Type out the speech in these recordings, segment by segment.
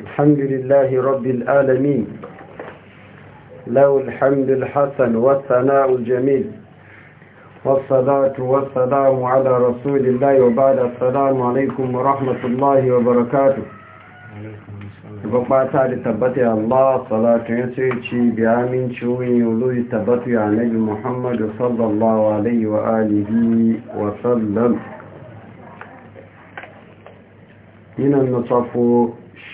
الحمد لله رب العالمين له الحمد الحسن والثناء الجميل والصلاة والسلام على رسول الله وبعد السلام عليكم ورحمة الله وبركاته وقع تعالي تبتي الله صلاة يسعي بعامين شوين يولوي تبتي عن محمد صلى الله عليه وآله وسلم من النصف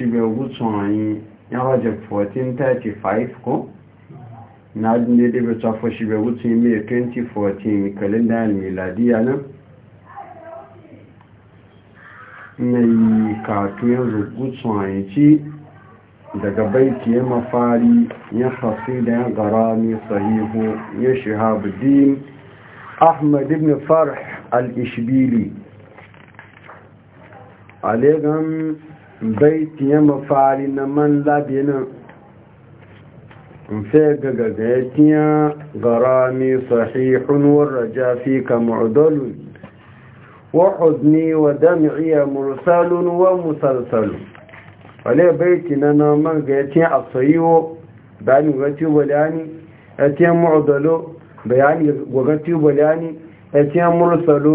shiga gutsun anyi ya waje 1435 ko na adin da dabe tsafo shiga gutsun yi mai 2014 kalendar miladiya nan na yi katuyen rugutsun anyi ci daga baiti ya mafari ya da ya gara ne sahihu ya din ahmad ibn farh al-ishbili alegan بيت يما فاري نمان لا بينا مفيقا قديتيا غرامي صحيح والرجا فيك معدل وحزني ودمعي مرسال ومسلسل ولي بيتنا نمان قديتيا الصيو بان وغتي ولاني اتيا معدل بيان وغتي ولاني اتيا مرسل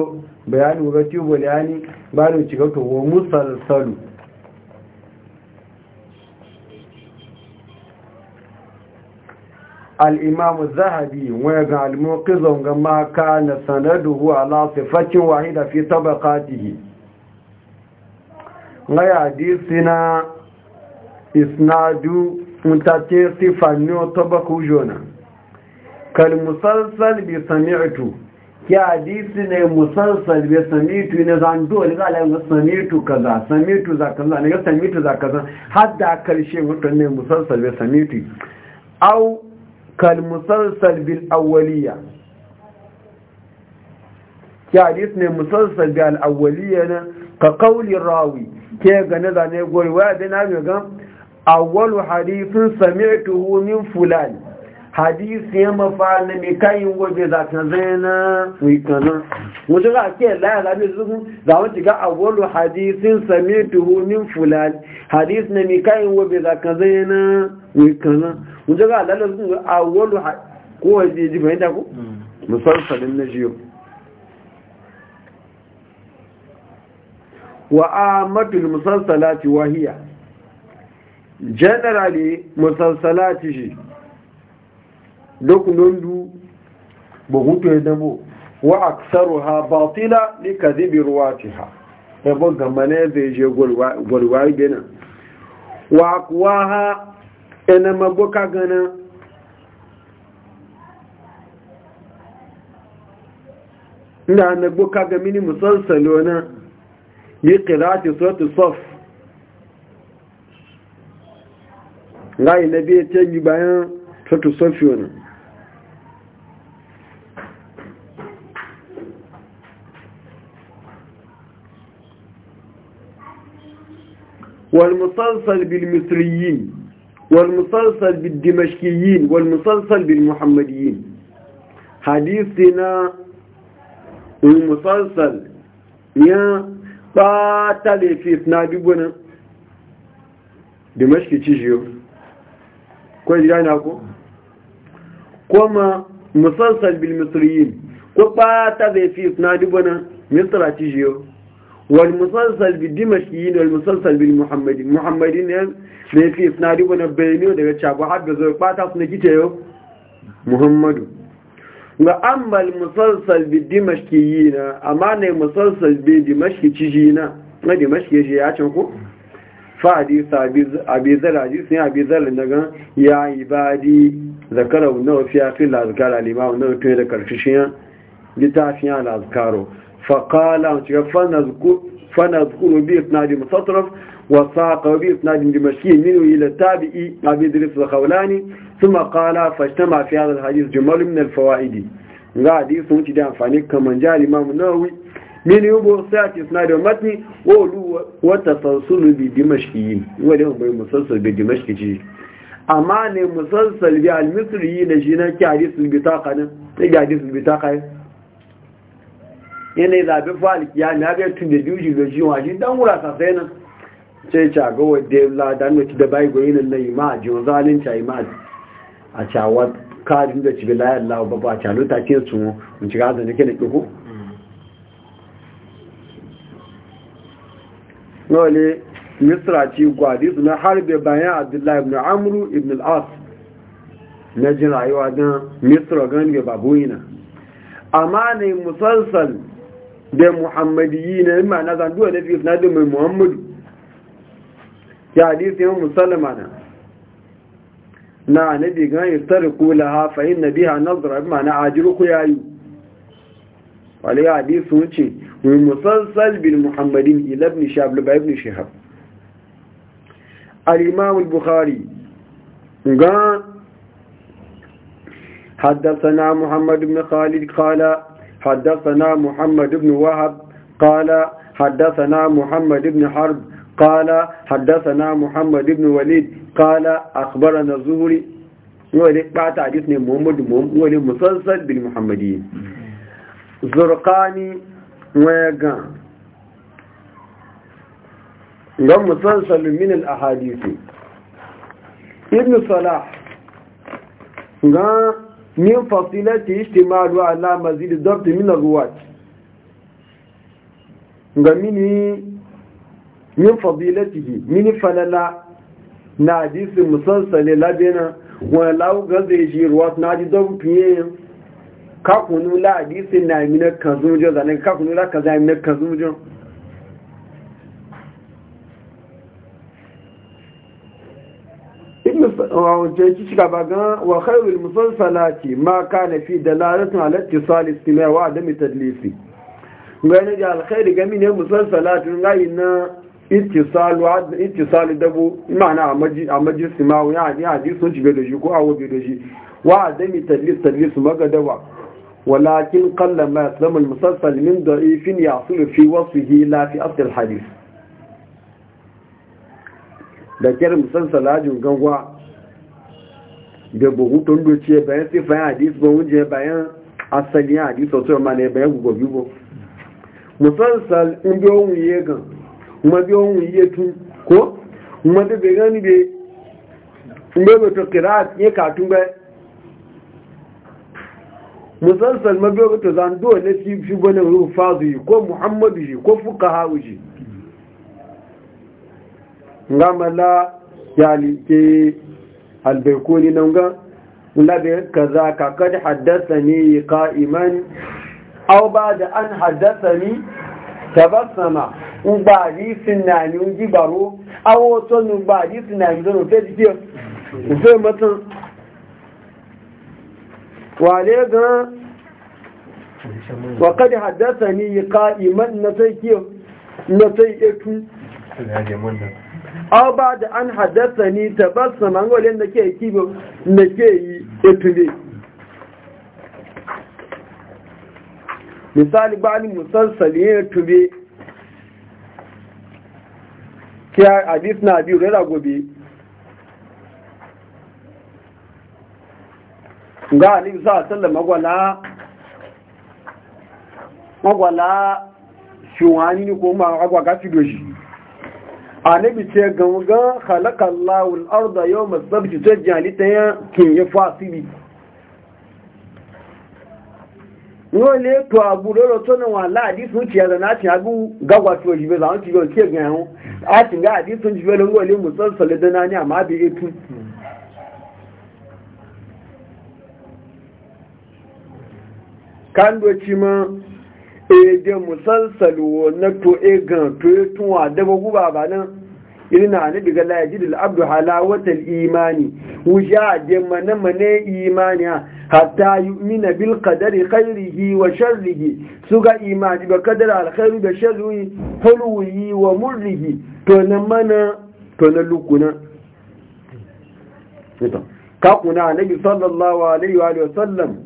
بيان وغتي ولاني بان وغتي ومسلسل al’imamu zahabi wani ga al’imokizon ga maka na sanaduhu ala sifacin wahida fi tabaka tihi na yadi sina isnadu mutace sifani o tabaka ujona kalmusarsal bi sami'atu ya di sina musarsal bi sami'atu ne zan dole ga alayin sami'atu kaza sami'atu za kaza ne ga sami'atu za kaza hadda karshe mutane musarsal bi sami'atu au kalmusalsal bil awwaliya ki hadis ne musalsal bil awwaliya na ka qawli rawi ke ga na zane gori waya da na mai gan awwalu hadithun sami'tuhu min fulan hadisi ya mafa na mai kayin waje za ta zaina wikana wajen ga ke laya zaɓe zuku za wata ga awwalu hadisin sami'tuhu min fulan hadis na mai kayin waje za ta zaina wikana mun ga lalar sun awwalu ko waje ji mai da ku mm. musalsalin na jiyo wa amatul musalsalati wahiya generally musalsalati shi dokunan du bugutu ya dabo wa ha batila li kadhibi ruwatiha ebo gamane zai je gurwa gurwa gina wa kuwaha gbọ́ ká gana inda na boka ga mini musalsalo na yi kirati sotu sof na biya ce yi bayan sotu sofi wani والمسلسل بالمصريين والمسلسل بالدمشقيين والمسلسل بالمحمديين حديثنا المسلسل يا قاتل في اسنادنا دمشق تشيو كويس جاينا اكو كما مسلسل بالمصريين ko ɓata zai fi suna dubana misra cijiyo والمسلسل بالدمشقيين والمسلسل بالمحمدي محمدين ne fi isnadi wani bayani daga cabo har da zai kwata su na kita yau muhammadu ga ammal musalsal bi dimashki yi na amma ne musalsal bi dimashki ciji na na dimashki shi ya can ku fa hadisa abizar hadisa ya abizar da gan ya ibadi zakara na wafi ya fi lazikar alima na wato da karkashin littafin ya lazikaro فقال فنذكر فنذكر بإسناد مستطرف وساق بإسناد دمشقي منه إلى التابعي أبي إدريس الخولاني ثم قال فاجتمع في هذا الحديث جمال من الفوائد غادي سنتي دان فانيك كمان جاء الإمام النووي من يبو سات إسناد ومتني وولو وتسلسل بدمشقيين ولهم بمسلسل بدمشقي أما ne musalsal bi al-misri ne حديث البطاقة, نا. hadisul bitaqa ne yanayi zaɓi faliki ya na gaya tun da juji da jiwa shi dan wura sasai nan ce ce a gawar da ya lada na da bai goyi nan na ima a jiwa zalinta ima a cawa kajin da cibi layar lawa ba ba calo ta ke su in ci gaza nake na ƙiƙo nole misra ci gwadi su na harbe bayan abdullahi ibn amru ibn al'as na jin rayuwa don misra gani ga babu yana amma ne musalsal da muhammadiyi na zan duwa zanduwa na da mai muhammadu ya hadisi yin musalama na na nabi gan istari kula hafa yin na biya nazara na ajiru ku yi. wale ya hadisi ce mai musassal bin muhammadin ilabni shablu ba ibn shihab al-imam al-bukhari gan حدثنا محمد بن خالد قال حدثنا محمد بن وهب قال حدثنا محمد بن حرب قال حدثنا محمد بن وليد قال أخبرنا الزهري ولي بعد حديثنا محمد ولي مسلسل بالمحمديين زرقاني ويقان قام مسلسل من الأحاديث ابن صلاح قام min fasilati ishtimalu ala mazid dabt min ar-ruwat ngamini min fadilatihi min falala na hadisi musalsale labena wa law gaze shi ruwat na ji don fiye ka kunu la hadisi na mina kazujo zanen ka kunu la kaza mina kazujo wajen ci gaba ga wa khairul musalsalati ma kana fi dalalatun ala ittisal istimai wa adami tadlisi ngani da alkhairi ga mine musalsalati ngai na ittisal wa ittisal dabo imana a maji a ya ni hadisi sun jibe da shi ko awo da shi wa adami tadlis tadlis magadawa walakin qalla ma yaslamu almusalsal min da'ifin yasulu fi wasfihi la fi asl alhadith da kyar musalsalajin gangwa da bugu tun doce bayan sifayen hadis ba wunje bayan asalin hadis wasu yamma ne bayan gugu biyu musalsal in bi ohun iye gan ma ohun iye tun ko ma da bai gani bai kira katun ne fi ko muhammadu yi ko fuka hau yi ya ke albaikoni nan ga labe kaza ka kad haddathani qa'iman aw da an haddathani tabassama tabasama ba ni sinani un jibaro awo ba ni sinani do te ti o matan wale ga na sai na sai aw ba da an haddasa ni tabassama an gole da ke kibo da ke yi etube misali ba ni musalsali ya tube kiya hadis na biyu rera gobe ga za a sallar magwala magwala shiwani ko ma agwa doshi annabi ce gangan halakallahu al'arda yau masabci ta jalita ya kinye fasili wọ́n lè tó àbú lọ́rọ̀ tó náà wà láàdísùn ti ẹ̀rọ náà ti àbú gágbà tí òjìbẹ́ àwọn ti yọ kí ẹ̀gbẹ̀ ẹ̀hún a ti gá àdísùn jìbẹ́ lọ́wọ́ lè mú sọ́sọ̀ lẹ́dọ́ náà ní àmà àbíyé ma na irina ne daga layajidul abdu halawatal imani wuja da mana-mana imani hatta mina bil kadari khairihi wa sharrihi suga imani ba kadar alkhairu da sharri hulwihi wa murrihi to na mana to na lukuna ka kuna nabi sallallahu alaihi wa sallam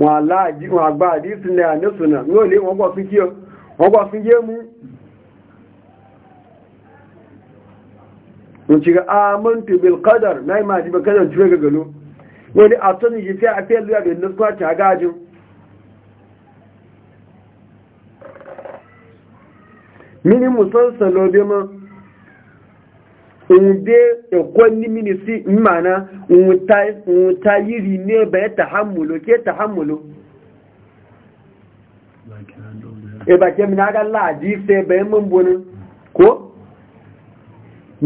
wọ́n àgbà àdísùn ní àníṣùnà ní olè wọ́n pọ̀ fíkíọ́ wọ́n gbà fún yé mú in ci ga amintu bil na yi bil a tun yi a fiye zuwa ta gajin mini musansalo ma inda e ikonni mini si mana wuta yiri ne bai ta hamulo ke tahammulo e ba ke mina ga laji sai bayan mun bonin ko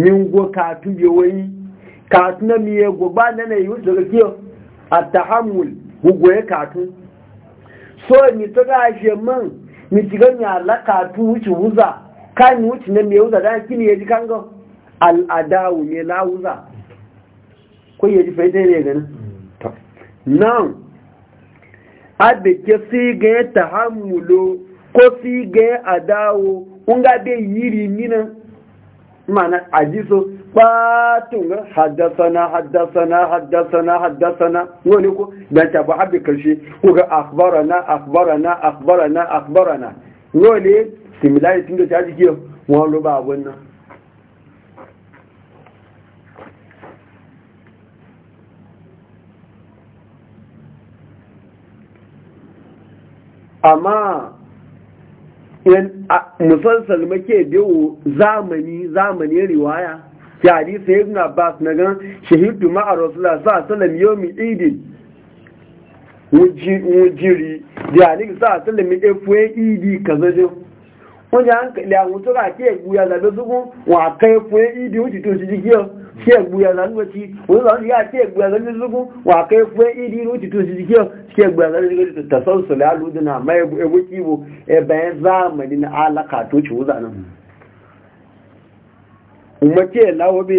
min go ka tu bi wai ka tu na miye go ba na na yu daga kiyo at-tahammul go ya ka tu so ni to ga je man ni ti ga nya la ka tu wuci wuza kan wuci na miye wuza da kini yaji kan go al-adawu ne la wuza ko yaji faida ne ganin to now abe ke si ga tahammulo ko fi a dawo un yiri nina mana a ji so batun haddasana haddasana haddasana haddasana wani ko dan ta ba habbi karshe ko ga akhbarana akhbarana akhbarana akhbarana wani similarity da ta jike wani lo wannan amma musalsal make biyu zamani zamani riwaya ki hadisi ibn abbas na gan shahidu ma'a rasulullah a alaihi wasallam yawmi idin wujiri da hadisi a alaihi wasallam efuwe idi kazajo wọ́n jẹ́ àǹkẹ̀lẹ̀ àwọn tó rà kí ẹ̀gbùyà lẹ́gbẹ̀ẹ́sùgbọ́n wọ́n àkẹ́ fún ìdí ó ti tó ti jíkí ọ́ kí ẹ̀gbùyà lẹ́gbẹ̀ẹ́sùgbọ́n wọ́n àkẹ́ fún ìdí ó ti tó ti jíkí ọ́ kí ẹ̀gbùyà lẹ́gbẹ̀ẹ́sùgbọ́n tasọ́sọ̀lẹ̀ alúdínà àmá ẹgbẹ́ kí wo ẹ̀bẹ̀ zamani na alaka tó ci wúzà náà umarci ẹ̀láwọ́ bí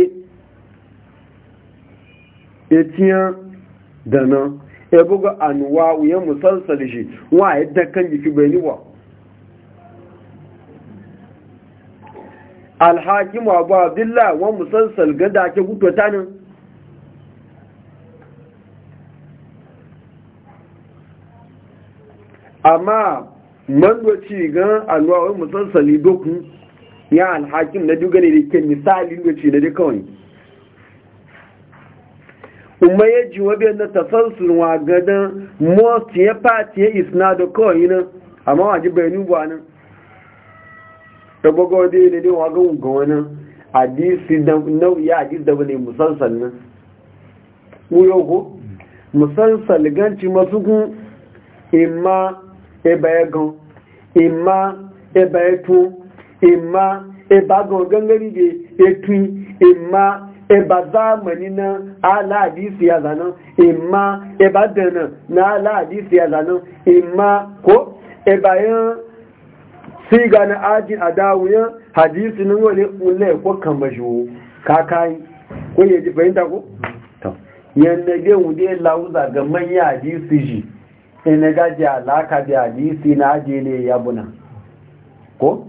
etiyan dana ẹgbogbo ànúwà òyẹ́ musalsal shi wọ́n àyẹ́ dẹ́kan jìkí alhakimu abu abdilla wa musansal gada ake guto tanin amma mandoci gan wa musansali dokun ya alhakim na duk gane da ke misali doci da dukkan umar ya ji wabe na tasansunwa gadon most ya fati ya isna da kawai nan amma wajibai nubuwa nan sabogo dai ne dai wa ga ga wani hadisi da nau'i hadisi da wani musansal nan wuyo ku musansal ganci masu kun imma eba egan imma eba ima imma eba gan gangari de etu imma eba zamani na ala hadisi ya ima imma eba dana na ala hadisi ya zanen imma ko eba yan sai ga na ajin a dawuyan hadisi nan wani ulai ko kan bajo kakai ko ya ji fahimta ko to yanda ge wude lauza ga manya hadisi ji ina gaji alaka da hadisi na aji ne ya buna ko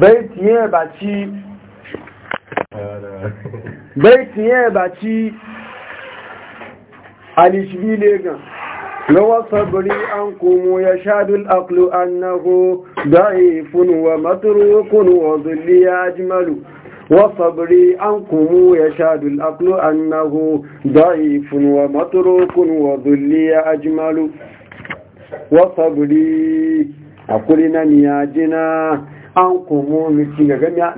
baiti yin baci baiti legan روى الصبري عنكم يشهد الأقل أنه ضعيف ومتروك وظلي أجمل وصبري أنكم يشهد الأقل أنه ضعيف ومتروك وظلي أجمل وصبري أقول نمياجنا an kumu mitiga ganga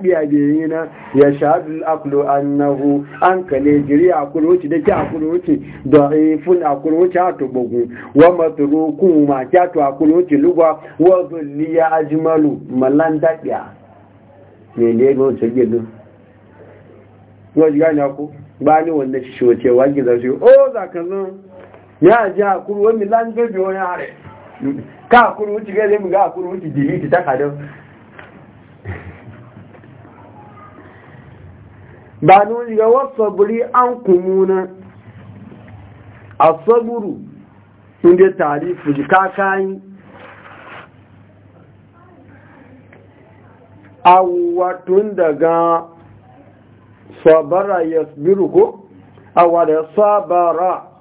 biya biyayi na ya shahadu akulu annahu an kale jiri a kuroci da ki a kuroci da ifun a kuroci a bugu wa maturu ma ki to a kuroci lugwa wa zulliya ajimalu mallan ne mai lego ce wa ji ganya ku ba ni wanda shi wace wajen zafi o oh, zakanzan ya ji a wa wani lan gabe wani hare ka akuru wuce ga zai ga akuru wuce delete ta kadan ba nun ga wasaburi an kumuna asaburu inda tarifu jikakayi awatun daga sabara yasbiru ko awada sabara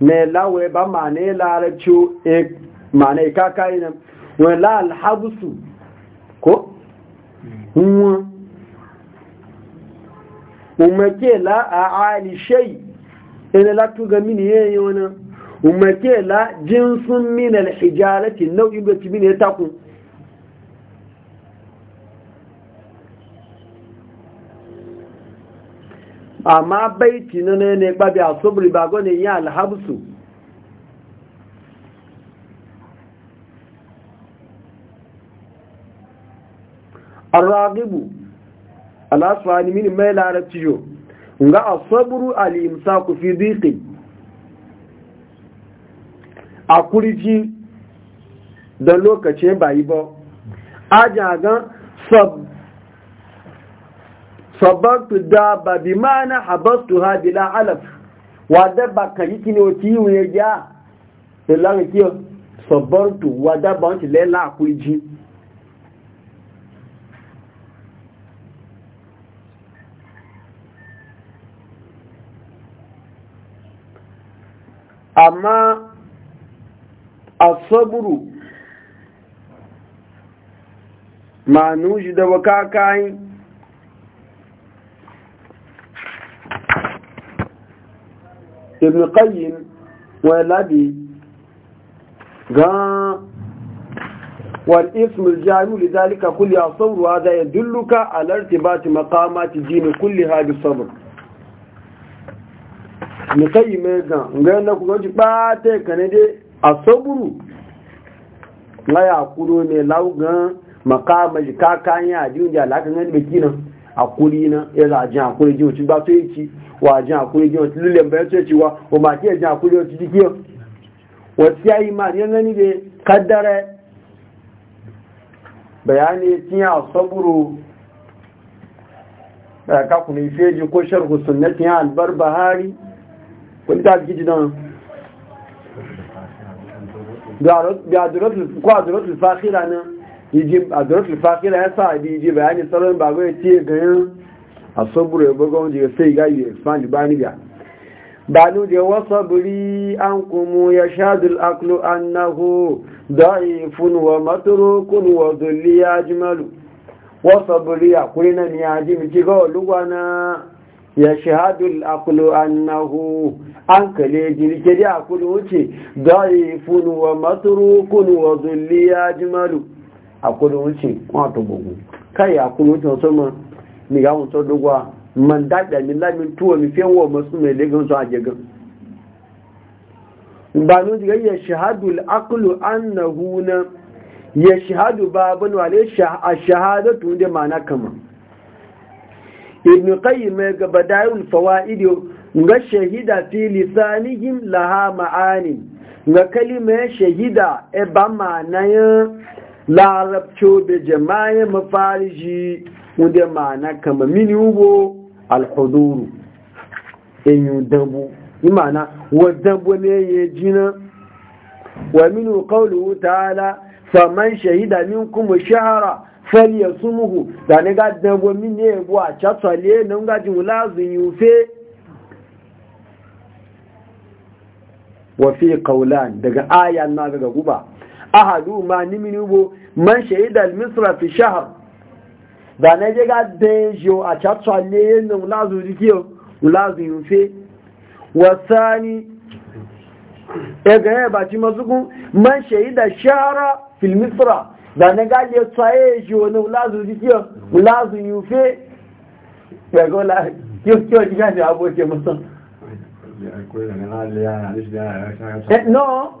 mai lawaye ba ma ne e ma ne kakayi nan wani la alhabusu ko? nwa umarke la a alishai ina latu ga mini yayi wani umarke la jinsun min alhijarati nau'in da min mini amma baiti na ne ne gbabi a sobri ba gane ya alhabsu arragibu alasfani mini mai larabci yo nga a sobru al'imsaku fi diki a kurji don lokacin bayi ba ajagan sab sabartu daba bi mana habastu ha bila alaf wa daba kan yi kini o ti wuye ya ilan kiyo sabartu wa daba wanti lela akwai ji amma asaburu ma nuji da waka kayan ibn qayyim wa labi ga wal ism al jami li dhalika kulli asawr wa hadha yadulluka ala irtibat maqamat din kulliha bi sabr ni qayyim ga ngana ku goji bate kanade asabru ngaya kuro ne laugan maqamaj kakanya ajun ja lakan ne bikinan akuri na ya za a jin akuri jin otu ba to ci wa jin akuri jin otu lulẹ̀ bayan to ci wa o ma ke jin akuri otu jiki yau wasu ya yi ma yan gani da kaddara bayani tiya saburu da ka kuma ife ji ko ta fakira na. Eh, eh, yiji eh, a darul da ya sa bi yiji bayani tsarin baba ya ce ganin a asaburu ya bugon jiya sai ga yi expand bani ga banu da buri an kuma ya shadul aqlu annahu da'ifun wa matrukun wa maturu kunuwa wasabri ya kulina ni yaji ji ci ga na ya shahadul aqlu annahu an kale jirke da akulu wuce da'ifun wa matrukun wa dhulli jimalu. Akwai wuce wọn to bugu kai akwai wuce sama ni ga wuce dogwa man daɗa min lamin tuwa mi fiye wa masu mai legan su a jirgin ba nun diga ya shahadu al'akulu an na ya shahadu ba babun wale a shahadatu da na kama ibn qayyim ga badayul ido, ga shahida fi lisanihim laha ma'anin ga kalima shahida e ba ma'anayin larabco da jama'in mafariji wanda ma'ana kama mini ugo alhuduru enyu dambu imana wa dambu ne ya jina wa minu qawluhu ta'ala faman shahida kuma minkum shahra falyasumuhu da ni ga dambu mini ne bu a chatsale ne ga jin lazin yufe wa fi qawlan daga aya na daga guba ahadu ma ni minubo man shahida al-misra fi shahr da na je ga dejo a chatwa le no lazu dikiyo lazu yufe wasani E ega ya ba ci mazuku man shahida shahra fi misra da na ga le tsaye jo no lazu dikiyo lazu yufe ya go la kiyo kiyo diga ne aboke musan no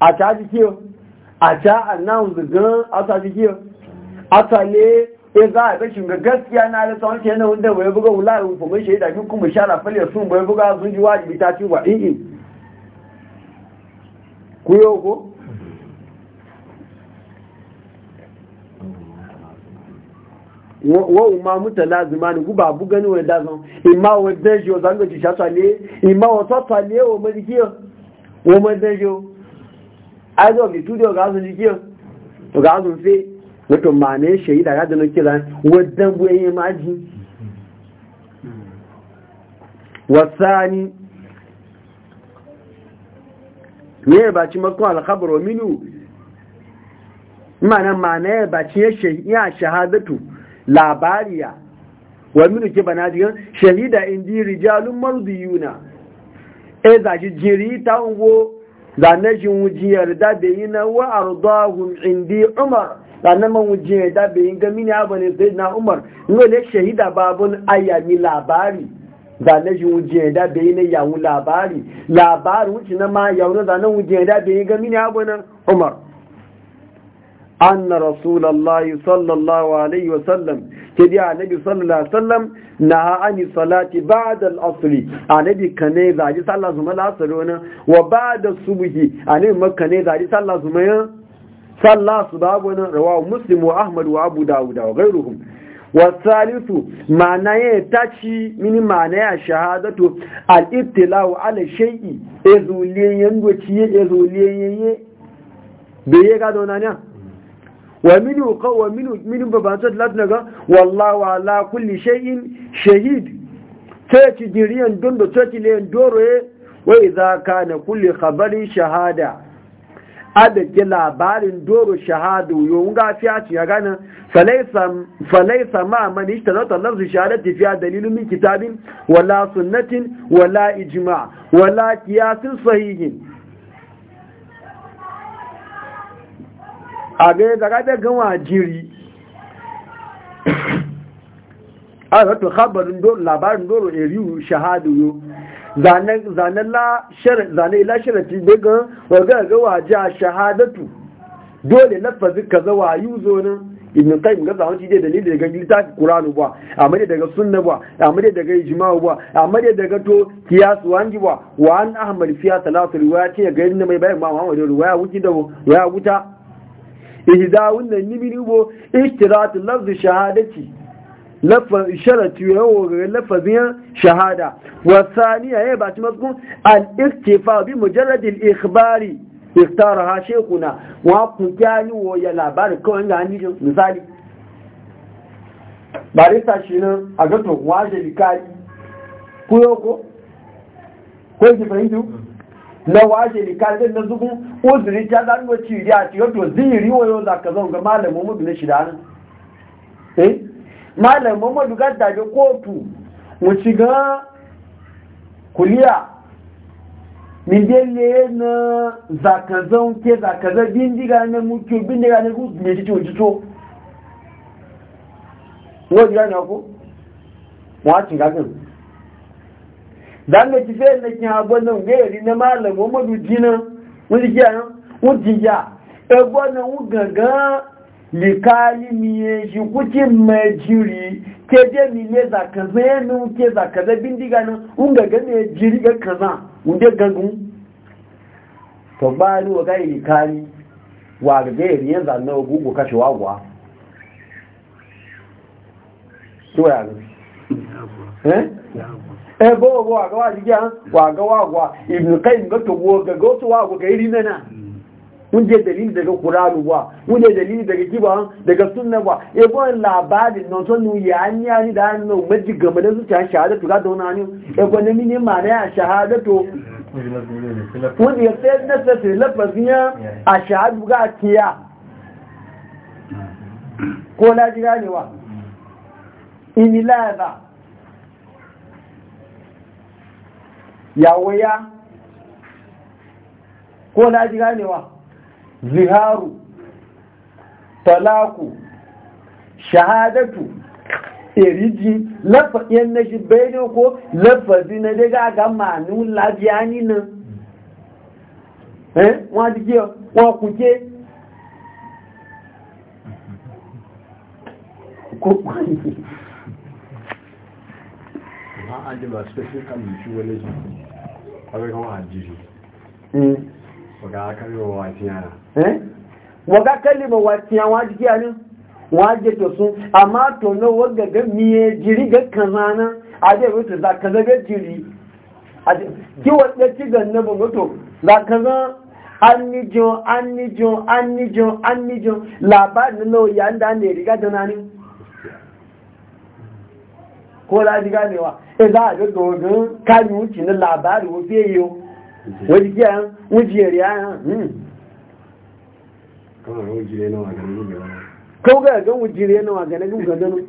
a ta ji annan e za a ga gaskiya na da tsawon ke nan wanda bai buga shi da kuma shara sun bai buga sun ji wajibi ta ci wa in ku yau ko wọ́n ma mútẹ̀ lázìmá ní gúbà bú ní wọ́n dázán ìmá wọ́n dẹ́jọ́ zangoji ṣàtàlẹ́ ìmá wọn tọ́tàlẹ́ mẹ́rin kí wọ́n mẹ́rin dẹ́jọ́ aizo mi tudi o gazu ji kiyo o gazu fe wato mane shaida ga dano kira wadan buye maji wasani ne ba ci makon alkhabar minu mana mana ba ci ya shahadatu labariya wa minu ke bana diyan shahida indi rijalun marziyuna e za ji jiri ta wo zane shi wujiyar da yi na wa ardahum indi umar zane man wujiyar da yi gami ne abu ne sai na umar ne shahida babun ayyami labari zane shi wujiyar da yi na yawun labari labari wuce na ma yawun zane wujiyar da yi gami ne abu ne umar an na rasulallah صلى الله عليه tadi annabi sallallahu alaihi wasallam naha ani salati ba'da al-asri annabi kane zaji sallah zuma al-asri wana wa ba'da subhi annabi makane zaji sallah zuma ya sallah subabu wana rawahu muslim wa ahmad wa abu dawud wa ghayruhum Salisu ma'ana ya tashi mini ma'ana ya shahadatu al-ibtila'u ala shay'i ezuliyen yangoci ezuliyen yaye beye ga donanya wa minu ka wa minu minu babansa latin ga wallahu ala kulli shay'in shahid sai ci jiriyan dondo sai ci len doroye wa idza kana kulli khabarin shahada adake labarin doro shahadu yawon gafiya ce ya gane falaisa ma mani ta zata lafzu shahadati fiya dalilin min kitabin wala sunnatin wala ijma wala kiyasin sahihin a ga yadda ga daga wajiri a zato khabarin doro labarin doro eriyu shahadu yo zane la sharafi daga waga ga waje a shahadatu dole lafazi ka zawa yi zonin ibn qayyim ga zawon da dalili daga littafin qur'anu ba amma daga sunna ba amma daga ijma'u ba amma daga to qiyas wangi ba wa an ahmad fiya salatu riwaya ce ga yin mai bayan ma Muhammad riwaya wuki da ya wuta ihda wannan nimini bo ishtirat lafzi shahadati lafa sharatu yawo ga lafazin shahada wa thaniya ya eh, ba ci mazkun al iktifa bi mujarrad al ikhbari iftara ha shekuna wa ku kyani wo ya labari kawai ga hanjin misali barista shi nan a gato wa jalikari ko yoko ko ki fahimtu na waje ni kalbin na zugun uzuri ta zan go ci ya ci wato ziri wayo za ka zo ga malam Muhammadu na shida nan eh malam Muhammadu ga da ga kotu mu ci ga kuliya min dele na zakazan ke zakazan bindiga ne mu bindiga na gudu ne ci ci to wo ji ga na ko wa ci ga gan dan da kife na kin abu nan ga yari na malam Muhammadu Dina mun ji yan mun ji ya e gona un gangan likali mi e shi kuci majiri ke je mi ne za ka zenu ke za ka da bindiga nan un gangan ne jiri ga kaza un de gangun to ba ni wa ga likali wa ga yari yan za na gugu kashe wagwa to ya ga eh ebe ogo wagawa jigiya wagawa wa ibn qayyim ga to goga ga to wa goga iri nana mun je dalili daga qur'anu wa mun je dalili daga kiba daga sunna wa ebo labarin non to nu ya ni ani da an no maji gama da zuciya shahadatu ga da wani ebo ne mini ma na shahada shahadatu wani ya sai na sai lafazin ya a shahadu ga kiya ko la jira ne wa ba. yawo ya ko na ji ganewa ziharu talaku shahadatu eriji lafayen na shi bene ko lafazi na daga ga manu labiya ni nan eh wọ́n ti kí wọ́n kù ké kó pàdé ma a jẹ́ ba special committee wọlé jù Eh. waga kalima watiya eh? waji kiya ne waje to sun amma to na waga ga miye jiri ga kazana a je wata za ka zaga jiri a je ki wata ci ga na bango to za ka za an nijo an nijo an nijo an nijo labarin na ya da ne riga da nanin ko za ji ganewa e za a ga dogon kayi wuce na labari wuce yi wajen kiyan wujiyar yayan kawai ga gan wujire na wa ganin gugu gano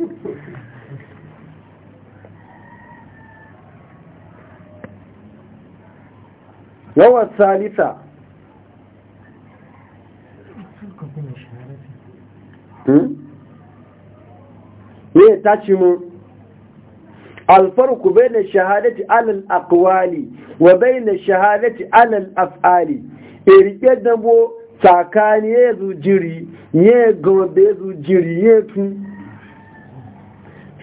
yawan salisa ne hmm? ta ci mun الفرق بين الشهادة على الأقوال وبين الشهادة على الأفعال إرجع دمو ساكان يزو جري يغند يزو جري يكن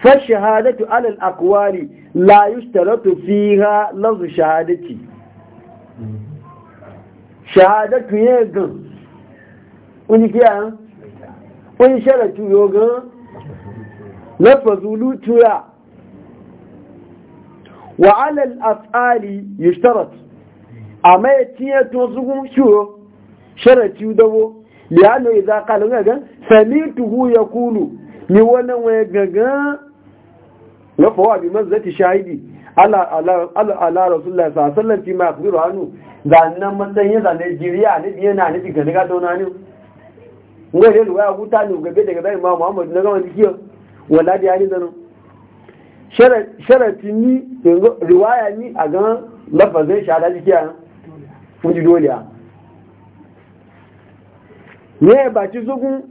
فالشهادة على الأقوال لا يشترط فيها لفظ شهادة شهادة يغن وني كيا وني شرط يغن لفظ لوتيا wa alal asali yushtarat amma ya to zugun shuro sharati dawo liyano idza qala samitu hu yakulu ni wannan waya gaga na fawa bi mazati shahidi ala ala ala rasulullahi sallallahu alaihi wasallam fi ma yakhbiru anhu da nan matsayin da Najeriya ne na ne diga daga dona ne ngore ruwa huta ne gabe daga bai Muhammad na ga wani kiyo wala da yani da sharafi ni riwaya ni a gan lafazin shahada jiki a fuji dole a ne ci zugun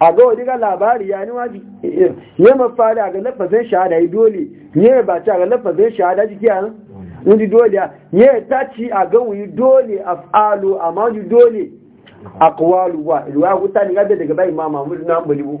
a ga wani ga labari ya niwa ne eh, mafari a ga lafazin shahada yi dole ne ci a ga lafazin shahada jiki a fuji dole a ne taci a ga wuyi dole a falo amma wuyi dole a kowaluwa riwaya kuta ni gabe daga bai ma mamudu na ambalibu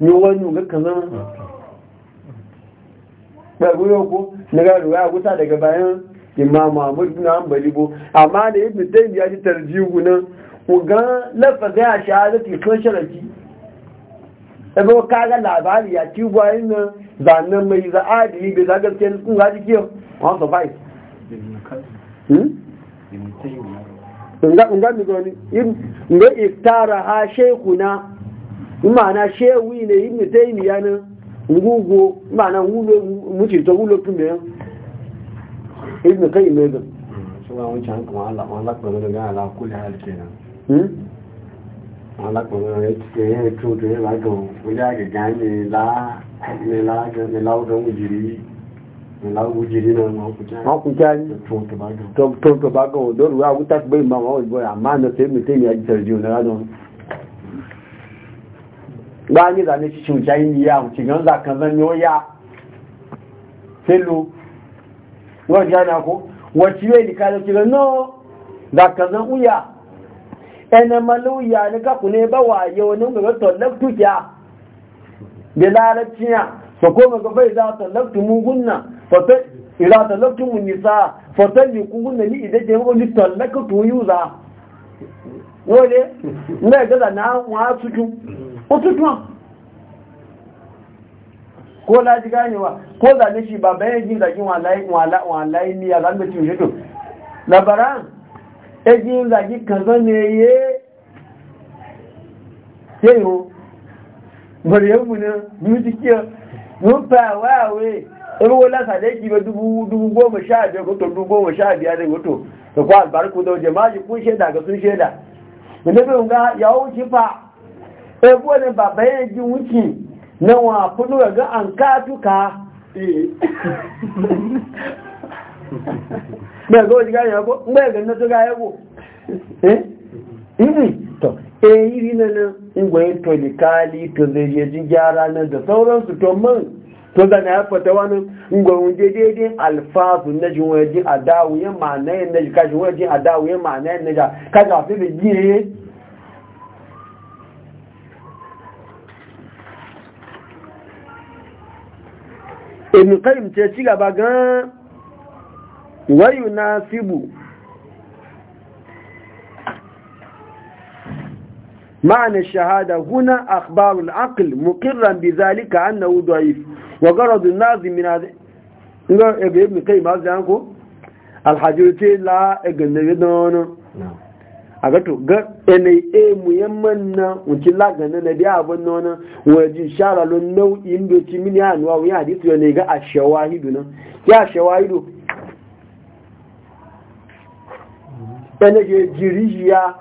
ni wani ga kanan ko na daga bayan imam mahmud amma da ibn ya ji tarjihu nan ga lafaza kan sharaki ebe ka ga labari ya ci gwayin nan zanen mai za ga nga mi gani nga iftara ha shekuna mana shewu ne ibn taymiya nan ngugo mana wulo muci to wulo tun da ibn kai ne ga suwa wancan kuma Allah Allah ko ga Allah kulli hal kenan hmm Allah ko da ya ce ya to to ya ga wuya ga gane la ne la ga ne la ga wujiri ne la wujiri nan ma ku ta ku ta to to ba ga to to ba ga do ruwa wuta bai ma ma boy amma na sai mutai ya ji tarjiyo na don gbáyé ìdá ní ṣíṣe òjá ìyá òtìgán zàkan zan ni ó yá fẹ́lú wọ́n jẹ́ ànàkó wọ́n tí wé nìkan ló ti rẹ̀ náà zàkan zan úyà ẹnàmà ló yà ní kàkùnlé bá wà yẹ wọn ní gbogbo tọ̀lẹ́kùtùkìá bí lárẹ́tíyà sọkó gbogbo ìdá tọ̀lẹ́kùtùmùgúnnà ni ìdá tọ̀lẹ́kùtùmùnìsá fọ́tẹ́ nìkúgúnnà ní ìdẹ́jẹ́ ó ní tọ̀lẹ́kùtù yúza wọ́n lé ní ẹ̀gẹ́dà náà wọ́n á tútù otutuwa ko laji ganewa ko zane shi ba bayan jin zagin walayi ni a zanen cin to labaran ejin zagi kanzo ne ye yayo bari yau ne mutukiya mun fawa we ruwa lasa da yake ba dubu goma sha biyar goto dubu goma sha biyar da goto da kwa albarku da waje jama'a kun shaida ga sun shaida da nabi ga yawon kifa ebo ne baba ya ji wuce na wafinu ga an katuka mai ga wajen gani yako mai ga nato ga yako eh to eh e iri na nan ingwaye to likali to zai je jin gyara nan da sauransu to man to da na haifar ta wani ingwaye daidai alfasu na jin wajen adawuyen ma'anayin na ji kashi wajen adawuyen ma'anayin na ji kashi ka fi da giye ibn qayyim ce ci gaba gan wayuna sibu ma'ana shahada huna akhbarul aql muqirran bi zalika annahu da'if wa garad an-nazim min hadha ibn qayyim azanku al-hajjati la egnedono a gato ga nai muhimman na wuce lagana na biya abin na wani waje sharalun nau'in doci mini hannuwa wani hadisi wani ga a shawahidu nan ya shawahidu ene je ya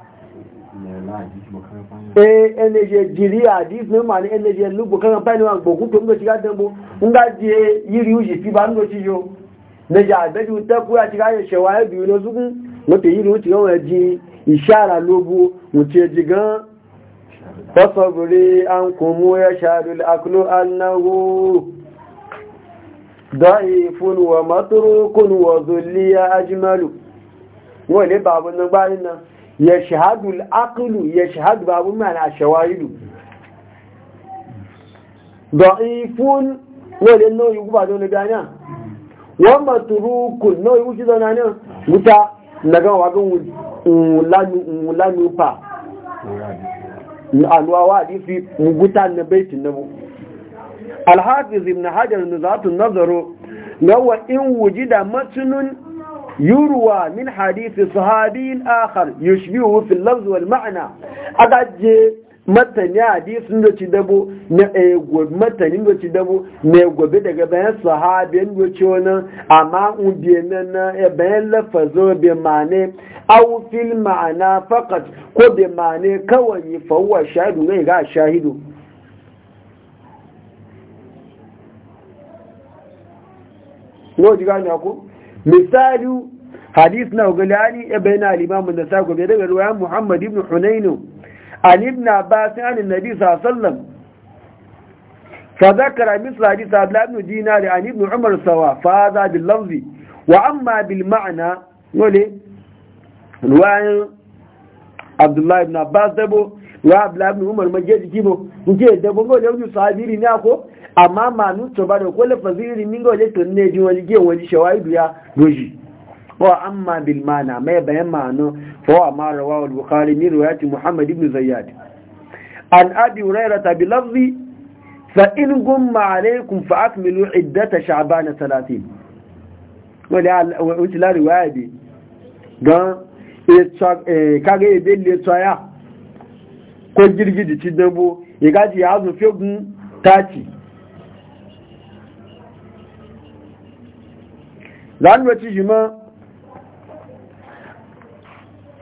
eh ene je jiri ya dis ne mani ene je lubu kan pa wa gboku to ngo tiga dembo nga je yiri uji fi ba ngo ti yo ne ja be ju te ku ya tiga ye shewa e bi lo zugun mo te yiri uji kan ishara lobo wuce gan fasabri an kumu ya shaɗu aklu annahu da'ifun wa matrukun wa zulliya ajmalu wani babu na bayan ya shahadu aklu ya shahadu babu mana shawahidu da'ifun wani nau'i guba da wani ganya wa matrukun nau'i wuta na gan ulanu fa alwawa hadisi muguta na baitin nabu alhafiz ibn hajar nuzatun nazaru lawa in wujida matnun يروى من حديث صحابي آخر يشبهه في اللفظ والمعنى أدجي matani hadisin da ci dabo na ego matanin da ci dabo na gobe daga bayan sahabi da ci wani amma un biyan na e, bayan lafazo bi mane au fil ma'ana fakat ko bi mane kawai yi huwa shahidu ne ga shahidu no diga ne ku misali hadis na ugalani ya e, bayan al-imam an-nasa'i gobe daga ruwayan muhammad ibn hunainu alim na ba sun hannun nabi sassallam fazakara misla ji sablanu dinari a nibin umar sawa faza bil lamzi wa amma bil ma'ana abdullahi na ba zabo ruwa ablanu umar maje jiki bo nke dabo ga wajen yusu haziri ne ako amma manu tobaro ko lafaziri ne ga wajen tunne jin wani gewa wani shawa'idu ya wa amma bil mana mai bayan ma'ano fa wa ma rawahu al bukhari muhammad ibn zayyad an abi hurairah bi lafzi fa in gumma alaykum fa akmilu iddata sha'ban 30 wa la wa utla riwayati ga itsa ka ga ide le toya ko jirgidi ti dabo igaji azu fegun tachi lan wati jima'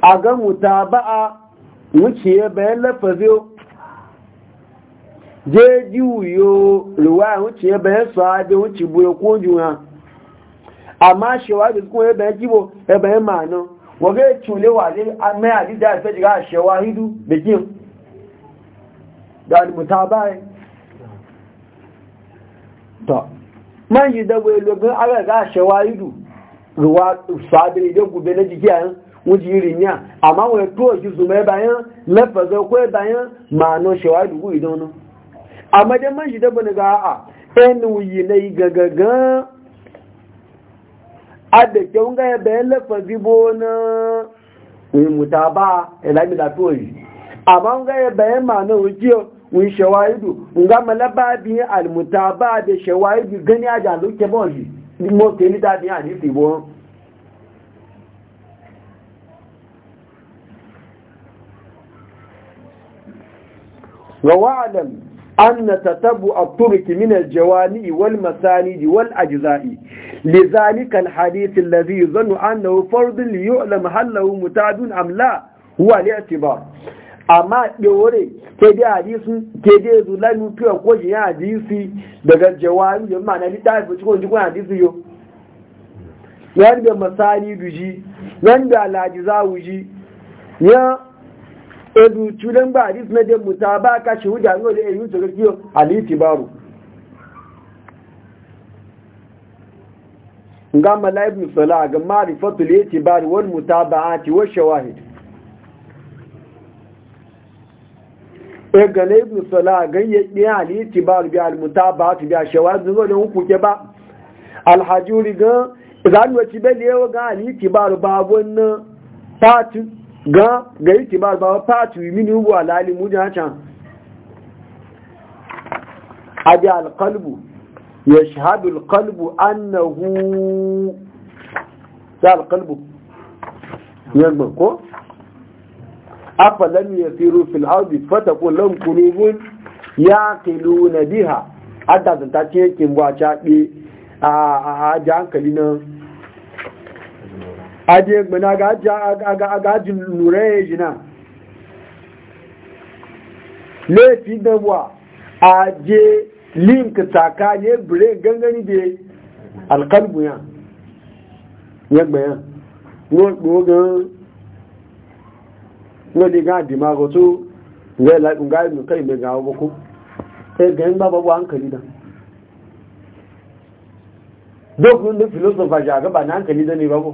a ga a wuce bayan lafazi je jiwuyo ruwa wuce bayan sahabi wuce buye ko juna amma shawadi kun ya bayan jibo ya bayan ma'anin waga ya cule wale a mai hadida ya fajiga a shawahidu da kim ba mutaba'a ta man yi dabo ya lobin aga ga shawahidu ruwa sahabi da gobe na jikiya wuji iri nya amma wai to ji zuma bayan lafaza ko bayan ma'ano shewa dugu idan no amma dan man shi da bani ga a en wuyi nai gagaga adda kyau ga bayan lafazi mutaba da to yi ga shawaidu gani aja lukke bon ji mo ke ni وواعلم أن تتبع الطرق من الجواني والمساند والأجزاء لذلك الحديث الذي يظن أنه فرض ليعلم هل له متعد أم لا هو الاعتبار amma ɗore ke dai hadisun ke dai zulami fiye ko jiyan hadisi daga jawari da ma'ana littafi cikin jikun hadisi yau yan da masani duji yan da rubutu don ba hadis na dai muta ba ka shi wuce hannu da yayin su gaskiyo halitti baro ga mala ibn salah ga ma'rifatul itibari wal mutaba'ati wa shawahid e ga na ibn salah ga yayi halitti baro bi al mutaba'ati bi shawahid zo da hukuke ba al hajuri ga zanu ci bele ga halitti baro ba wannan fatin ga ga yake ba ba wi mini ubu alali ja can al qalbu yashhadu qalbu annahu za alqalbu yagba ko afalam yasiru fil ardi fatakun lam kunubun yaqiluna biha adda zanta ce yake mbwa chaɓe a hankali nan aje gbana ga lura ya ji na laifi dabuwa aje link tsakanin brain gangani da alkalbu ya yagba ya gbogan lórí gán àdìmáàrọ̀ tó rẹ̀ láìpùngá ìlúkẹ́ ìgbẹ̀gà ọgbọ́kú ẹgbẹ̀ ń bá bọ́bọ́ ánkẹ̀lì dán dókùn ní filosofa jẹ́ àgbà ní ánkẹ̀lì dán ní ìrọ́gbọ́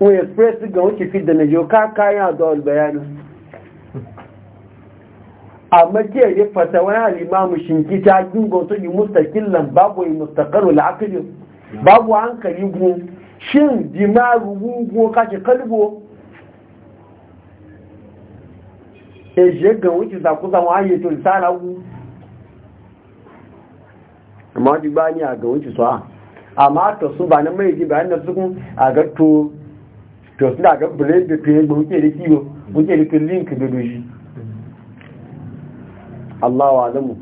un express ga wuce fit da na jo ka kayan adawar bayanin amma ke ne fata wani alimamu shinki ta gungon su yi mustaƙillan babu yi mustaƙaru la'akilin babu hankali gun shin dimaru gungo kashe kalbo e ga wuce zakusan wahayi to risala gu amma ji ba ni a ga wuce su a amma ta su ba na mai ji bayan da sukun a ga to to suna ga blade to yegbo muke da kiwo muke da kin link da doji Allah wa alamu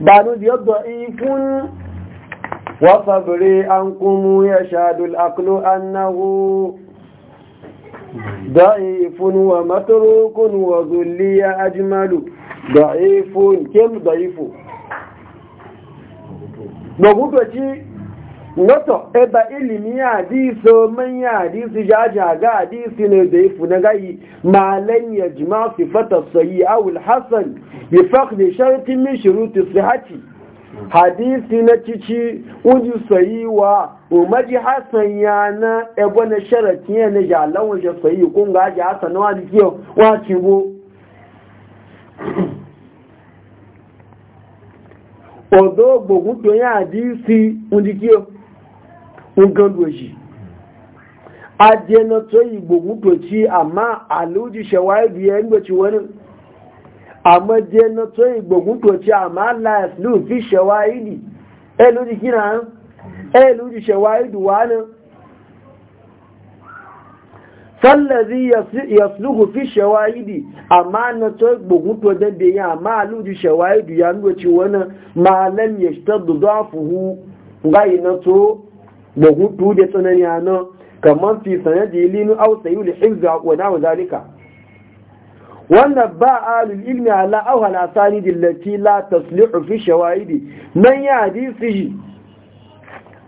ba nu diyo da'ifun wa sabri an kumu yashhadu al-aqlu annahu ضعيف ومتروك وذلي أجمل ضعيف كم ضعيف نقول ngoto eba ilimi ya hadisi man ya hadisi jaja ga hadisi ne da ifu na gayi malan ya jima sifata sayi awul hasan bi faqdi sharti min shuruti sihati hadisi na cici uji sayi wa maji hasan ya na ebo na sharati ya na jalan wajen sayi kun ga ji hasan wa dikiyo wa cibo odo gbogun to ya hadisi uji nǹkan lòṣì ajẹ́nà tó ìgbògún tó tí a máa àlójì ṣẹwàáìdì ẹ̀ ńgbòtí wọ́n ní àmọ́jẹ́nà tó ìgbògún tó tí a máa láìsílù fi ṣẹwàáìdì ẹ̀ lójì kí náà ẹ̀ lójì ṣẹwàáìdì wà ní fọ́lẹ̀dí yasluhu fi ṣẹwàáìdì àmá na tó gbogbo tó dẹ́bẹ̀ yẹn àmá àlójì ṣẹwàáìdì ya ń gbòtí wọ́n ní máa lẹ́mìí ẹ̀ṣtẹ́ na da hutu da tsanani nan kamar fi sanadi linu aw sayul hizza wa nahu zalika wanda ba alul ilmi ala au halasa ni dillaci la taslihu fi shawaidi nan ya hadisi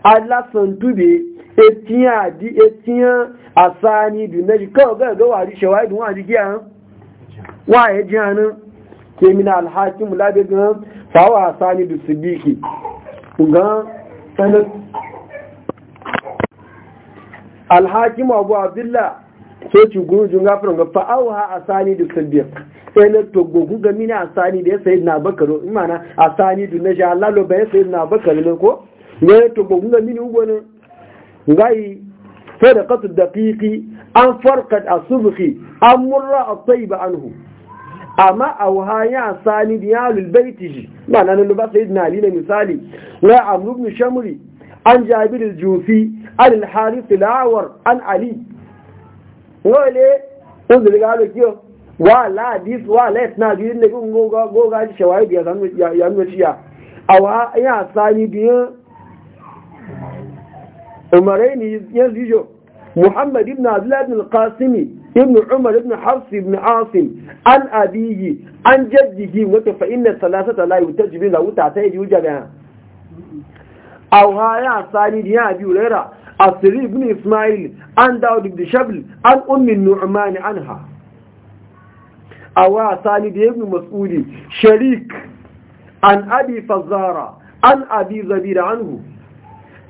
ala tube etiyan adi etiyan asani du naji kawo ga ga wari shawaidi wa adi giya wa ya ji hannun ke min al hakim la bi ga fawa asani du sidiki ga alhakim abu abdullah sai ci gurujin gafirin ga fa'auha a sani da sabbiya sai na togogu ga mini a sani da ya sayi na bakaro imana a sani da na sha lalo ba ya sayi na bakaro ne ko ya yi togogu ga mini ugo ne gayi sai da kasu da daƙiƙi an farka a subuki an murra a sai ba anhu amma a wahaya a sani da ya lulbaiti shi ba na lulba sai na ali misali na amru shamuri an jabir jufi alharisu la'awar al'ali wani ne sun zirga da kiyo wa la'adis wa la'adis na biyu da kun goga ji shawari biyar zanen ya ya wa ya sami biyu umarai ya ya zijo muhammad ibn azulad al-qasimi ibn umar ibn harsi ibn asim al'adiyi an jajjigi wata fa'in na salasa ta layu ta jibin lauta ta yi hujja gaya أو هاي ثاني ديا بيوليرا السري بن إسماعيل عن داود بن شبل عن أم النعمان عنها أو ثاني ديا بن مسؤولي شريك عن أبي فزارة عن أبي زبير عنه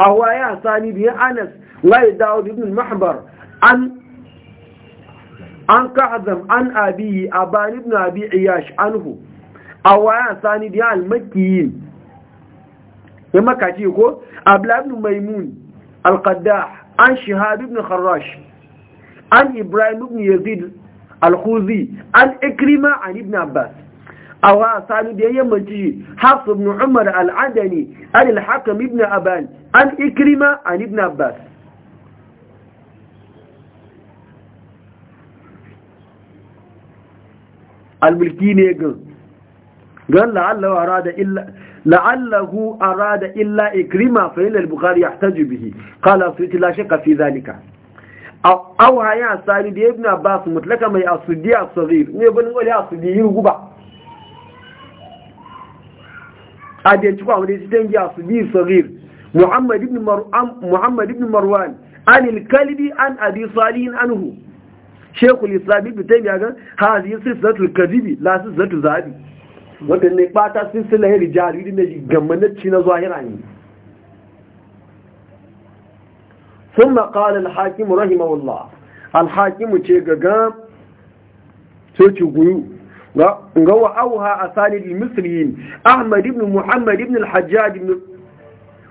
أو هاي ثاني أنس غير داود بن المحبر عن عن كعزم عن أبي أبان بن أبي عياش عنه أو هاي ثاني المكيين yan makaci ko abdullahi maimun al an shahadu ibn kharash an ibrahim ibn yazid al an ikrima an ibn abbas wa sani da yamma ji hafsu ibn umar al-adani an ilhakam ibn aban an ikrima an ibn abbas al-mulki ne gan gan la'alla wa arada illa la'allahu arada illa ikrima fa inna al-bukhari yahtaju bihi qala suti la shakka fi dhalika aw haya sari da ibn abbas mutlaka mai asudi asghir ne bin wali asudi yuguba ade ci kwa wani sitan ya asudi asghir muhammad ibn marwan muhammad ibn marwan an al-kalbi an abi salih anhu shaykhul islam ibn taymiyyah hadhihi sifatul kadhibi la sifatul zahabi waɗanne ɓata sun sila hiri jariri na gammanacci na zahira ne sun maƙala alhakimu rahimahullah alhakimu ce gaga soci guyu ga wa auha a salil misriyin ahmad ibn muhammad ibn alhajjaj ibn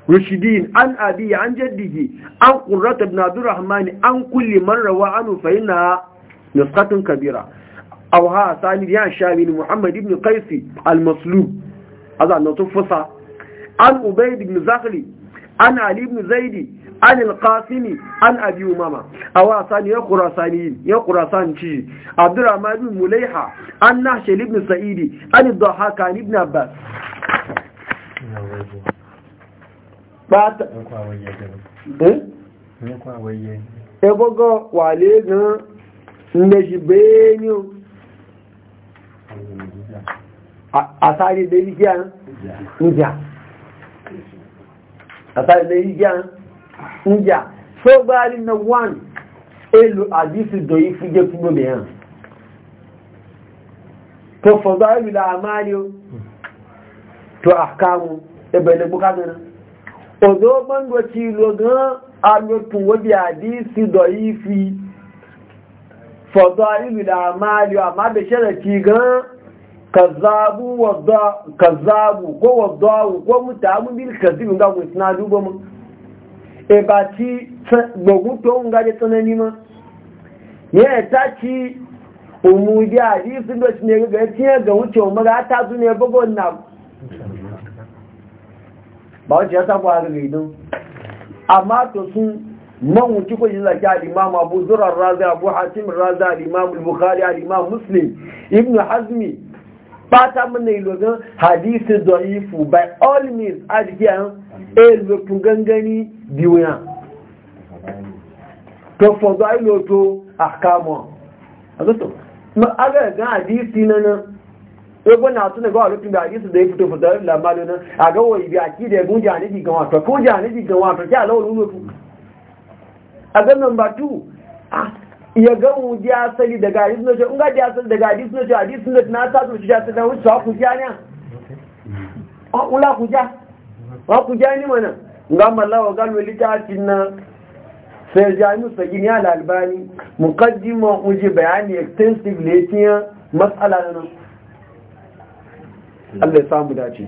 rushidin an abi an jaddigi an qurrata ibn abdurrahman an kulle manrawa rawa na nuskatun kabira aw ha sani ya shamil muhammad ibn qais al-maslub azan no tufsa an ubayd ibn zakhli an ali ibn zaidi an al-qasim an abi umama aw sani ya qurasani ya qurasan ci abdurrahman ibn mulaiha an nahshal ibn sa'idi an ad-dahhak an ibn abbas ba ta eh ebogo wale gan ndeji benyo àsáàrí ilé yìí jẹ́ ǹjà àsáàrí da yìí jẹ́ ǹjà tó bá rí na wọ́n èlò àdísì dòyí fújẹ́ fún lómi hàn tó fọ̀gbá ìrìnlẹ̀ àmárí tó àkámù ẹbẹ̀lẹ̀ gbókádùn òzó mọ́ndọ̀ ti lọ gan alótún wọ́bí àdísì dòyí fi fọ̀gbá ìrìnlẹ̀ àmárí gan kazzabu wadda kazzabu ko wadda ko mutamu bil kadhib ga ku suna duba mu e ba ci gbogun to nga je tsanani ma ye ta ci umudi ali sun da ne ga ya ga wuce wa ga ta su ne bugo na ba wuce ya sabu haka ga idan amma to sun man wuce ko yin zaki al-imam Abu zurar Razi Abu Hatim Razi al-imam Bukhari al-imam Muslim Ibn Hazmi pátá mana ìlò gan hadisi dọ̀yìfù by all means adìgí gangani èlòtún gangan ní diwọ̀n tó fọ̀dọ̀ àìlòtò àkàmọ̀ àgọ́tọ̀ agẹ́gẹ́ hadisi nana egbon na tun ga rufin da hadisi da ya fito fito da lamalo nan a ga wai bi aki da gun jani di wato ko jani di wato ki alawo lulu a ga number ya ga mu ji asali daga hadis na in ga ji asali daga hadis na hadis na na ta zuci da ta wuce ku ja ne ula ku ja wa ku ja ni mana ga mallawa ga litafin na sai jami'u sagini al albani muqaddima uji bayani extensive ne tiya mas'ala nan hmm. Allah ya samu dace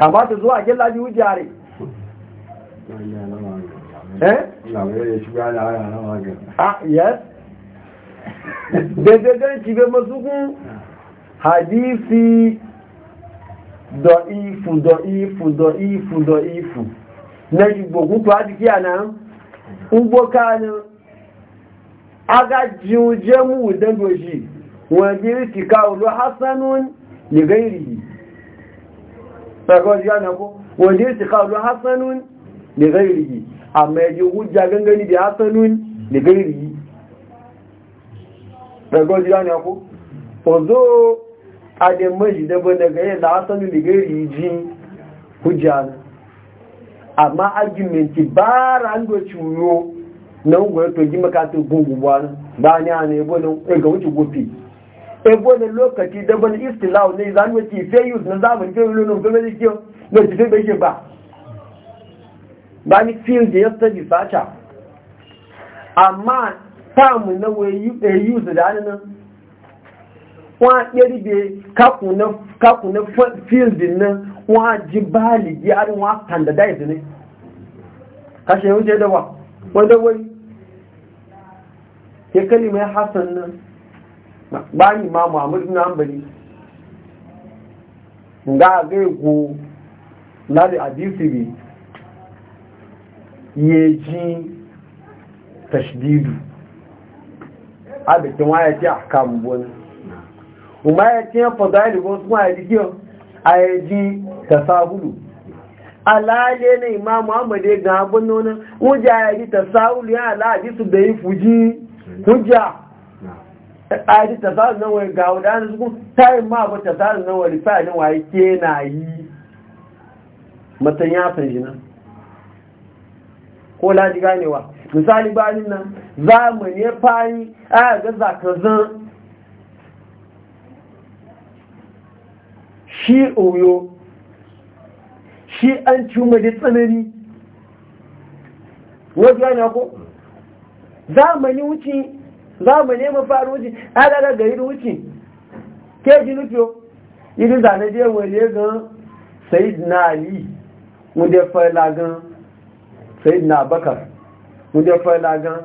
amma ta zuwa gilla biyu jare eh? ah, daidaidan cibe masukun hadisi do'ifu do'ifu do'ifu do'ifu na igbogun to adiki ana ugboka ni agaji ojemu udan doji wọn bi ritika olu farko ya na ko wanda yake kawo hasanun da gairihi amma yaji hujja gangani da hasanun da gairihi farko ya na ozo ademaji da bane ga yana hasanun da gairihi ji hujja amma argumenti bara an go na ngwe to gi makatu gungu bwana bani ana ebo ne ga wuce gofi ebo ne lokaci dabal istilau ne zan wuce sai yus na zaman ke wulu no gobe ke na ti be ke ba ba ni feel da yasta di sacha amma tamu na we yu e yus da nan wa yeri be kaku na kaku na field nan wa ji bali ji arin wa standardize ne kashe wuce da wa wanda wani? ke kalimai hasan nan bani ma muhammadu na hambani nga zai ku lari adisiri ya ji tashdidu a ya waya ce a kambun umar ya ce ya fada ya rigon suna ya ji a ya ji ta sabulu alaale na imam muhammadu ya ga abin nuna hujja ya ji ta sabulu ya ala hadisu da yi fuji ƙari ta sa nan wani ga wadda ana zuku ta yi ma ba ta sa nan wani fa'adin waye ke na yi matan yasan shi nan ko laji ganewa misali bayanin nan zamani ya fari a ga zakazan shi oyo shi an cuma da tsanani wajen yana ko zamani wuce za mu nemi faru wuce agaga gari da wuce ke ji nufiyo idin zane je wale gan sayid na ali wunde fayla gan sayid na bakar wunde fayla gan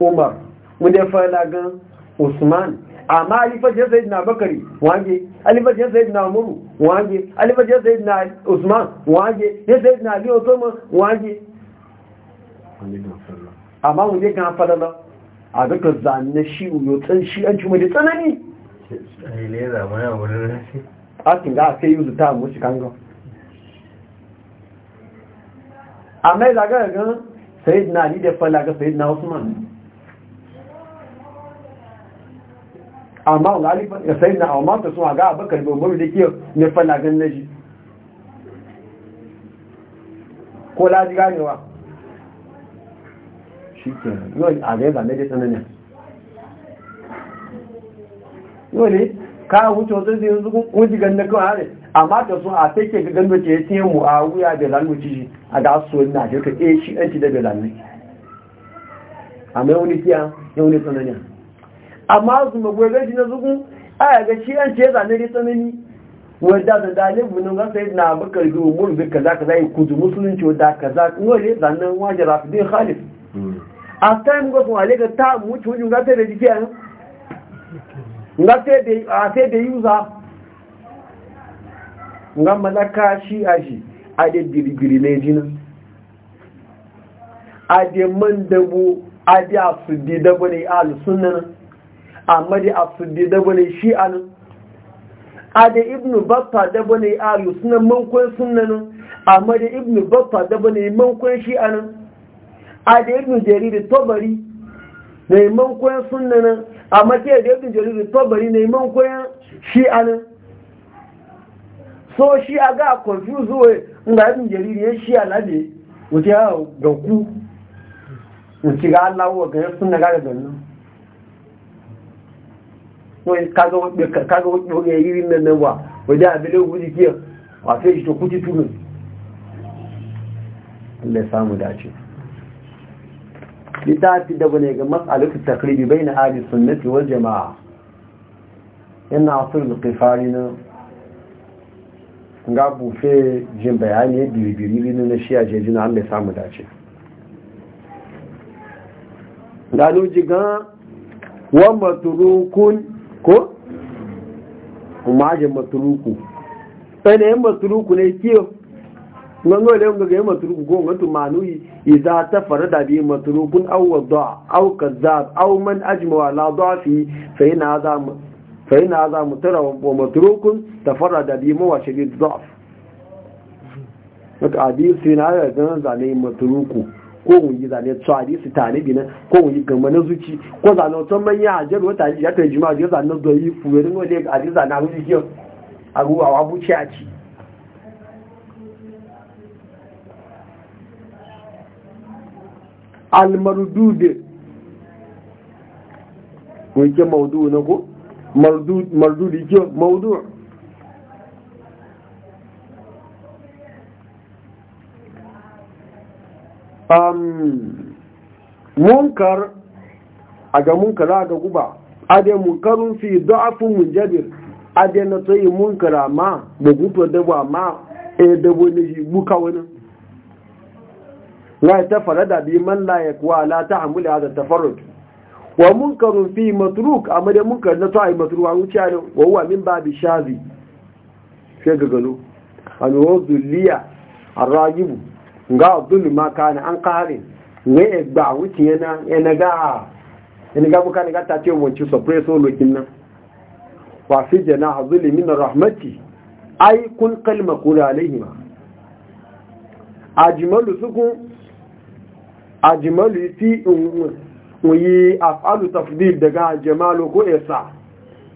umar wunde fayla gan usman amma alifajiyar sayid na bakari wange alifajiyar sayid na muru wange alifajiyar sayid na usman wange ya sayid na ali osoma wange amma wunde gan falala a duka zane shi uyo tsan shi an cimo da tsanani a tun ga aka yi zuta mu shi kanga a mai zaga ga sayid na ali da fala ga sayid na usman amma wani ali da sayid na amma ta suna ga abakar bombo da ke ne fala gan naji ko ne wa? shi ke a zane da tsanani ka wuce wasu zai yanzu kawai amma ta so a take ga gando ke ya mu a wuya da lalmuci a ga su wani na shirka e shi ɗanci da bai lalmuci amma yau ne fiya yau ne tsanani amma su magwai gaji na zugun a ya ga shi ɗanci ya zane da tsanani wadda da dalibu nan ga na bakar biyu mun bi kaza kaza ya kudu musulunci wadda kaza ne rafidin khalif after ngo so ale ka ta mu chu nga ngate de jikia ngate de ate de user nga malaka shi aji ade girgiri ne a ade man dabu ade asudi dabu ne nan a amma de asudi dabu ne shi a de ibnu batta dabu ne al sunna man kun sunna amma de ibnu batta dabu ne man kun shi nan a da ibn jarir tabari ne koyan sunna nan amma ke da ibn jarir tabari koyan so shi a ga confuse we nga ibn jarir ya shi'a labe wuce ha ah, ga ku wuce ga Allah wa ga sunna ga ga nan wai kaga nan nan wa wajen abin da wuce kiyar wafe shi to kuti Allah samu littafi da bane ga mas'alatu takribi baina ahli sunnati wal jamaa ina asr al-qifari na ga bufe jin bayani biribiri ne na shiya jeji na Allah samu dace gano jiga wa maturukun ko kuma je maturuku sai ne maturuku ne kiyo ngongo le ngongo maturuku ko ngonto manuyi إذا تفرد به مطلوب أو wada أو كذاب أو من أجمع لا dha'fi فإن هذا hadha fa in hadha mutara wa matrukun tafarrada zan zane matruku ko mun yi zane to hadisi tare bi ko mun yi na zuci ko zane to man ya ajar wata ya kai yi a a ruwa wa almardude ke maudu na ko mardudi ke maudu munkar aga munkara ga guba ade munkarun fi da'fu munjabir ade na tsaye munkara ma da guto dabo ma e dabo ne shi buka wani wai tafara da bi man layak wa la ta hamula hada tafarrud wa munkarun fi matruk amma da munkar na ta'i matruk an wuce ne wa huwa min babi shazi sai ga galo an wazu liya arrajibu ga dulu ma an kare ne e gba wuce yana yana ga yana ga buka ne ga ta ce wonci suppressor lokin nan wa fi jana zulimin rahmati ai kun kalma kula alaihima ajmalu sukun ajimalu fi yi afalu tafdil daga ajimalu ko isa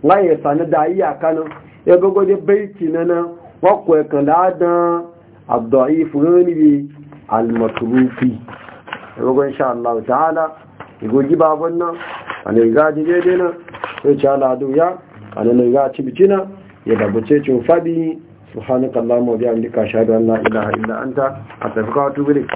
nga isa na da iya kanu ya gogo de baiti na na wakko ya kan ladan abdu'if gani bi almatrufi gogo insha Allah ta'ala gogi babon nan ana ga ji de na sai cha la duya an ne ci bicina ya babuce cin fadi subhanakallahumma wa bihamdika ashhadu an la ilaha illa anta astaghfiruka wa atubu ilayk